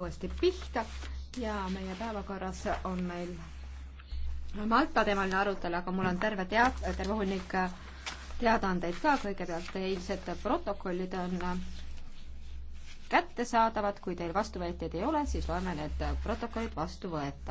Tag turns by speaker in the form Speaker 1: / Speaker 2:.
Speaker 1: uuesti pihta ja meie päevakorras on meil Malta teemaline arutelu, aga mul on terve tead-, terve hunnik teadaandeid ka, kõigepealt eilsed protokollid on kättesaadavad, kui teil vastuväiteid
Speaker 2: ei ole, siis loeme need protokollid vastu võetavaks.